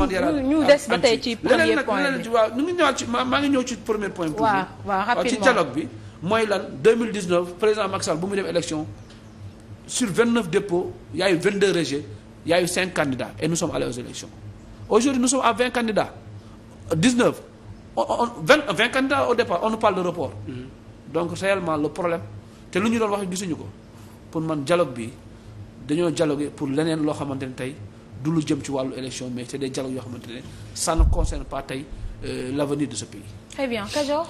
recensement ñu des ba tey ci premier point bi leneen nag waaw ñu ngi ñëwaat ci maa ngi ñëw ci premier point. waaw waaw ci dialogue bi. mooy lan 2019 président Macky Sall bu muy dem élection sur 29 dépôts y a eu 22 rejets y a eu 5 candidats et nous sommes allés aux élections aujourd'hui nous sommes à 20 candidats 19 on 20 20 candidats au départ on nous parle de report. Mm-hmm. donc réellement le problème te lu ñu doon wax gisuñu ko pour man dialogue bi dañoo dialoguer pour leneen loo xamante ne tey. du lu jëm ci wàllu élection mais c'est des dialogues yoo xamante ne ça ne concerne pas tey euh, l'avenir de ce pays. très bien Kajoor.